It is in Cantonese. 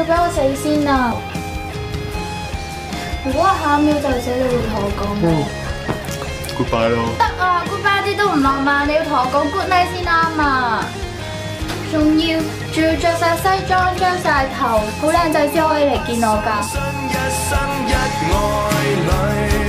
要俾我死先啊！如果我下一秒就死，你會同我講咩？Goodbye 咯？得啊，Goodbye 啲都唔浪漫，你要同我講 Goodnight 先啱啊！仲要，仲要着晒西裝，紮晒頭，好靚仔先可以嚟見我噶。生